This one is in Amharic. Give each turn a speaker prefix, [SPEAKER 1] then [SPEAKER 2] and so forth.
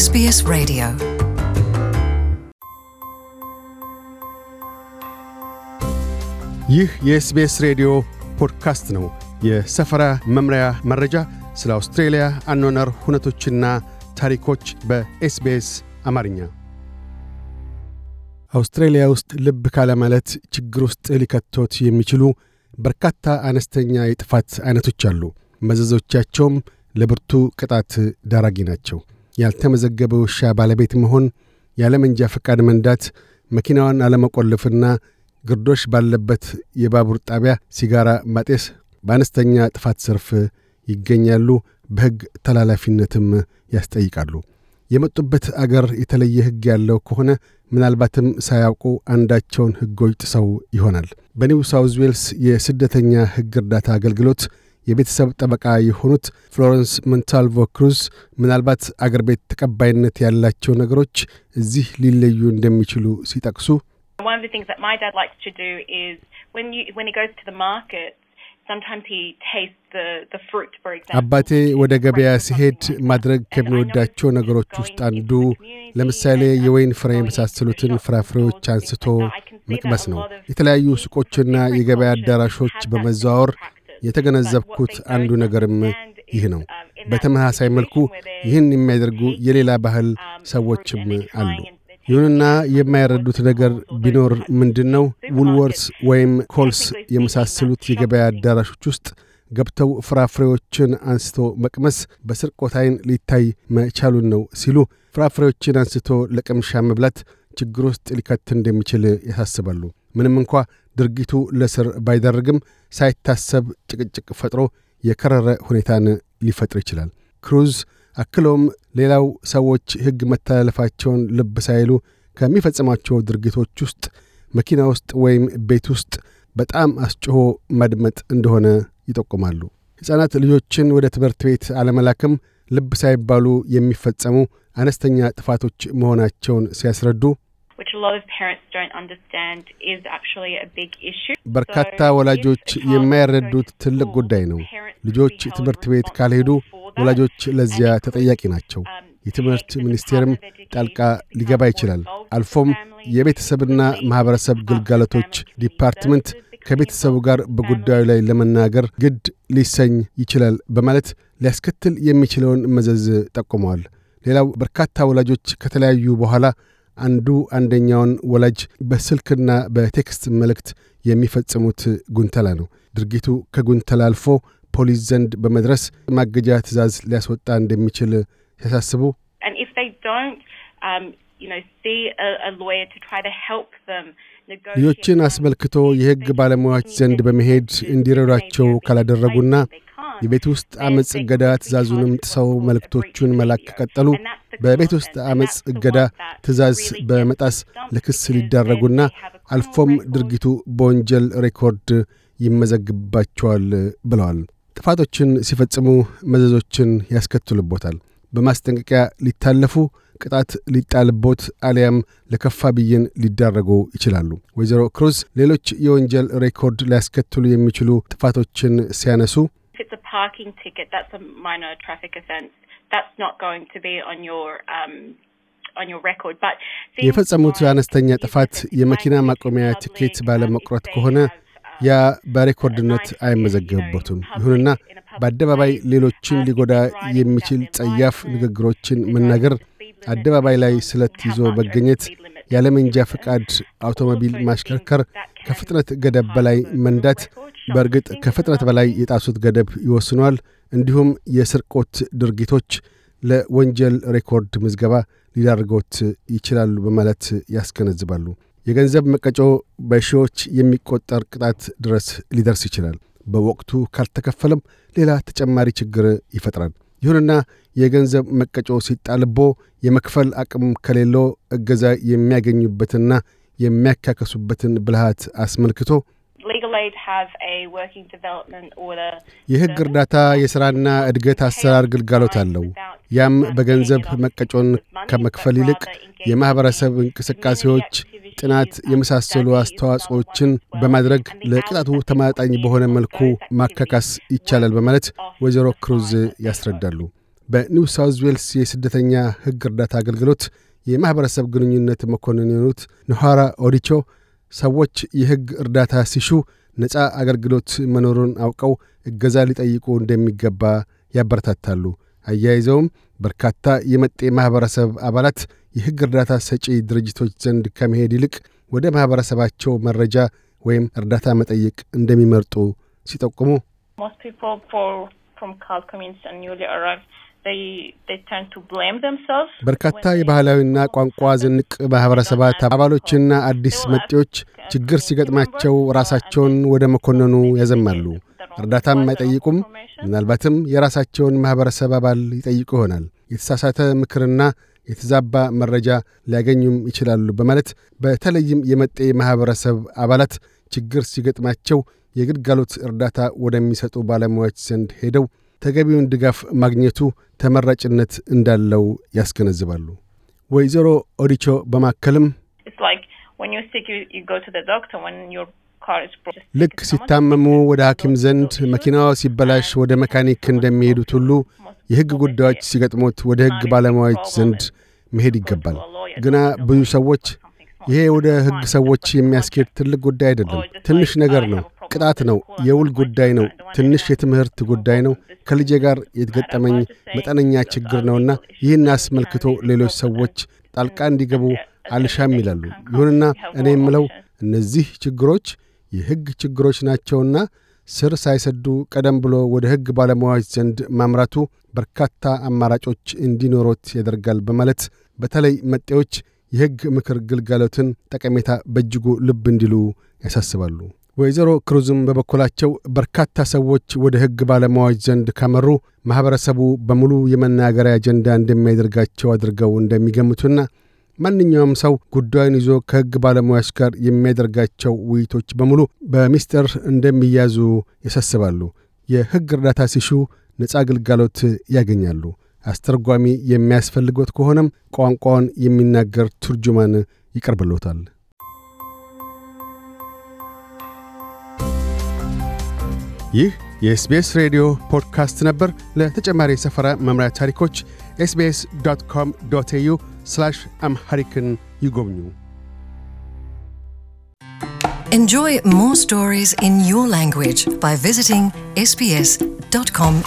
[SPEAKER 1] ኤስቢኤስ Radio. ይህ የኤስቢኤስ ሬዲዮ ፖድካስት ነው። የሰፈራ መምሪያ መረጃ፣ ስለ አውስትሬልያ አኗኗር ሁነቶችና ታሪኮች በኤስቢኤስ አማርኛ። አውስትሬልያ ውስጥ ልብ ካለማለት ችግር ውስጥ ሊከቶት የሚችሉ በርካታ አነስተኛ የጥፋት አይነቶች አሉ። መዘዞቻቸውም ለብርቱ ቅጣት ዳራጊ ናቸው። ያልተመዘገበ ውሻ ባለቤት መሆን፣ ያለመንጃ ፈቃድ መንዳት፣ መኪናዋን አለመቆልፍና ግርዶሽ ባለበት የባቡር ጣቢያ ሲጋራ ማጤስ በአነስተኛ ጥፋት ዘርፍ ይገኛሉ። በሕግ ተላላፊነትም ያስጠይቃሉ። የመጡበት አገር የተለየ ሕግ ያለው ከሆነ ምናልባትም ሳያውቁ አንዳቸውን ሕጎች ጥሰው ይሆናል። በኒው ሳውዝ ዌልስ የስደተኛ ሕግ እርዳታ አገልግሎት የቤተሰብ ጠበቃ የሆኑት ፍሎረንስ መንታልቮ ክሩዝ ምናልባት አገር ቤት ተቀባይነት ያላቸው ነገሮች እዚህ ሊለዩ እንደሚችሉ ሲጠቅሱ አባቴ ወደ ገበያ ሲሄድ ማድረግ ከሚወዳቸው ነገሮች ውስጥ አንዱ ለምሳሌ የወይን ፍሬ የመሳሰሉትን ፍራፍሬዎች አንስቶ መቅመስ ነው። የተለያዩ ሱቆችና የገበያ አዳራሾች በመዘዋወር የተገነዘብኩት አንዱ ነገርም ይህ ነው። በተመሳሳይ መልኩ ይህን የሚያደርጉ የሌላ ባህል ሰዎችም አሉ። ይሁንና የማይረዱት ነገር ቢኖር ምንድን ነው፣ ውልወርስ ወይም ኮልስ የመሳሰሉት የገበያ አዳራሾች ውስጥ ገብተው ፍራፍሬዎችን አንስቶ መቅመስ በስርቆት ዓይን ሊታይ መቻሉን ነው ሲሉ ፍራፍሬዎችን አንስቶ ለቅምሻ መብላት ችግር ውስጥ ሊከት እንደሚችል ያሳስባሉ። ምንም እንኳ ድርጊቱ ለስር ባይደረግም ሳይታሰብ ጭቅጭቅ ፈጥሮ የከረረ ሁኔታን ሊፈጥር ይችላል። ክሩዝ አክሎም ሌላው ሰዎች ሕግ መተላለፋቸውን ልብ ሳይሉ ከሚፈጽሟቸው ድርጊቶች ውስጥ መኪና ውስጥ ወይም ቤት ውስጥ በጣም አስጭሆ ማድመጥ እንደሆነ ይጠቁማሉ። ሕፃናት ልጆችን ወደ ትምህርት ቤት አለመላክም ልብ ሳይባሉ የሚፈጸሙ አነስተኛ ጥፋቶች መሆናቸውን ሲያስረዱ በርካታ ወላጆች የማይረዱት ትልቅ ጉዳይ ነው። ልጆች ትምህርት ቤት ካልሄዱ ወላጆች ለዚያ ተጠያቂ ናቸው። um, የትምህርት ሚኒስቴርም ጣልቃ ሊገባ ይችላል። አልፎም የቤተሰብና ማኅበረሰብ ግልጋሎቶች ዲፓርትመንት ከቤተሰቡ ጋር በጉዳዩ ላይ ለመናገር ግድ ሊሰኝ ይችላል በማለት ሊያስከትል የሚችለውን መዘዝ ጠቁመዋል። ሌላው በርካታ ወላጆች ከተለያዩ በኋላ አንዱ አንደኛውን ወላጅ በስልክና በቴክስት መልእክት የሚፈጽሙት ጉንተላ ነው። ድርጊቱ ከጉንተላ አልፎ ፖሊስ ዘንድ በመድረስ ማገጃ ትዕዛዝ ሊያስወጣ እንደሚችል ሲያሳስቡ um, ልጆችን አስመልክቶ የሕግ ባለሙያዎች ዘንድ በመሄድ እንዲረዷቸው ካላደረጉና የቤት ውስጥ አመፅ እገዳ ትእዛዙንም ጥሰው መልእክቶቹን መላክ ከቀጠሉ በቤት ውስጥ አመፅ እገዳ ትእዛዝ በመጣስ ለክስ ሊዳረጉና አልፎም ድርጊቱ በወንጀል ሬኮርድ ይመዘግባቸዋል ብለዋል። ጥፋቶችን ሲፈጽሙ መዘዞችን ያስከትሉቦታል። በማስጠንቀቂያ ሊታለፉ ቅጣት ሊጣልቦት አሊያም ለከፋ ብይን ሊዳረጉ ይችላሉ። ወይዘሮ ክሩዝ ሌሎች የወንጀል ሬኮርድ ሊያስከትሉ የሚችሉ ጥፋቶችን ሲያነሱ it's a parking ticket, that's a minor traffic offence. That's not going to be on your um, የፈጸሙት አነስተኛ ጥፋት የመኪና ማቆሚያ ቲኬት um, ባለመቁረጥ ከሆነ um, ያ በሬኮርድነት አይመዘገብበትም። ይሁንና በአደባባይ ሌሎችን uh, ሊጎዳ የሚችል ጸያፍ ንግግሮችን መናገር፣ አደባባይ ላይ um, ስለት ይዞ መገኘት፣ ያለመንጃ ፈቃድ አውቶሞቢል ማሽከርከር፣ ከፍጥነት ገደብ በላይ መንዳት በእርግጥ ከፍጥነት በላይ የጣሱት ገደብ ይወስኗል። እንዲሁም የስርቆት ድርጊቶች ለወንጀል ሬኮርድ ምዝገባ ሊዳርጎት ይችላሉ በማለት ያስገነዝባሉ። የገንዘብ መቀጮ በሺዎች የሚቆጠር ቅጣት ድረስ ሊደርስ ይችላል። በወቅቱ ካልተከፈለም ሌላ ተጨማሪ ችግር ይፈጥራል። ይሁንና የገንዘብ መቀጮ ሲጣልቦ የመክፈል አቅም ከሌለው እገዛ የሚያገኙበትና የሚያካከሱበትን ብልሃት አስመልክቶ የሕግ እርዳታ የሥራና እድገት አሰራር ግልጋሎት አለው። ያም በገንዘብ መቀጮን ከመክፈል ይልቅ የማኅበረሰብ እንቅስቃሴዎች፣ ጥናት የመሳሰሉ አስተዋጽኦችን በማድረግ ለቅጣቱ ተማጣኝ በሆነ መልኩ ማካካስ ይቻላል በማለት ወይዘሮ ክሩዝ ያስረዳሉ። በኒው ሳውዝ ዌልስ የስደተኛ ሕግ እርዳታ አገልግሎት የማኅበረሰብ ግንኙነት መኮንን የሆኑት ነኋራ ኦዲቾ ሰዎች የሕግ እርዳታ ሲሹ ነፃ አገልግሎት መኖሩን አውቀው እገዛ ሊጠይቁ እንደሚገባ ያበረታታሉ። አያይዘውም በርካታ የመጤ ማኅበረሰብ አባላት የሕግ እርዳታ ሰጪ ድርጅቶች ዘንድ ከመሄድ ይልቅ ወደ ማኅበረሰባቸው መረጃ ወይም እርዳታ መጠየቅ እንደሚመርጡ ሲጠቁሙ በርካታ የባህላዊና ቋንቋ ዝንቅ ማህበረሰባት አባሎችና አዲስ መጤዎች ችግር ሲገጥማቸው ራሳቸውን ወደ መኮንኑ ያዘማሉ። እርዳታም አይጠይቁም። ምናልባትም የራሳቸውን ማኅበረሰብ አባል ይጠይቁ ይሆናል። የተሳሳተ ምክርና የተዛባ መረጃ ሊያገኙም ይችላሉ በማለት በተለይም የመጤ ማኅበረሰብ አባላት ችግር ሲገጥማቸው የግልጋሎት እርዳታ ወደሚሰጡ ባለሙያዎች ዘንድ ሄደው ተገቢውን ድጋፍ ማግኘቱ ተመራጭነት እንዳለው ያስገነዝባሉ። ወይዘሮ ኦዲቾ በማከልም ልክ ሲታመሙ ወደ ሐኪም ዘንድ፣ መኪናው ሲበላሽ ወደ መካኒክ እንደሚሄዱት ሁሉ የሕግ ጉዳዮች ሲገጥሙት ወደ ሕግ ባለሙያዎች ዘንድ መሄድ ይገባል። ግና ብዙ ሰዎች ይሄ ወደ ሕግ ሰዎች የሚያስኬድ ትልቅ ጉዳይ አይደለም፣ ትንሽ ነገር ነው ቅጣት ነው፣ የውል ጉዳይ ነው፣ ትንሽ የትምህርት ጉዳይ ነው፣ ከልጄ ጋር የተገጠመኝ መጠነኛ ችግር ነውና ይህን አስመልክቶ ሌሎች ሰዎች ጣልቃ እንዲገቡ አልሻም ይላሉ። ይሁንና እኔ የምለው እነዚህ ችግሮች የሕግ ችግሮች ናቸውና ስር ሳይሰዱ ቀደም ብሎ ወደ ሕግ ባለሙያዎች ዘንድ ማምራቱ በርካታ አማራጮች እንዲኖሮት ያደርጋል በማለት በተለይ መጤዎች የሕግ ምክር ግልጋሎትን ጠቀሜታ በእጅጉ ልብ እንዲሉ ያሳስባሉ። ወይዘሮ ክሩዝም በበኩላቸው በርካታ ሰዎች ወደ ሕግ ባለሙያዎች ዘንድ ካመሩ ማኅበረሰቡ በሙሉ የመናገሪያ አጀንዳ እንደሚያደርጋቸው አድርገው እንደሚገምቱና ማንኛውም ሰው ጉዳዩን ይዞ ከሕግ ባለሙያዎች ጋር የሚያደርጋቸው ውይይቶች በሙሉ በሚስጥር እንደሚያዙ ያሳስባሉ። የሕግ እርዳታ ሲሹ ነፃ አገልጋሎት ያገኛሉ። አስተርጓሚ የሚያስፈልጎት ከሆነም ቋንቋውን የሚናገር ቱርጁማን ይቀርብሎታል። ይህ የኤስቤስ ሬዲዮ ፖድካስት ነበር። ለተጨማሪ የሰፈራ መምሪያ ታሪኮች ኤስቤስ ዶት ኮም ዶት ኤዩ አምሐሪክን ይጎብኙ። Enjoy more stories in your language by visiting sbs.com.au.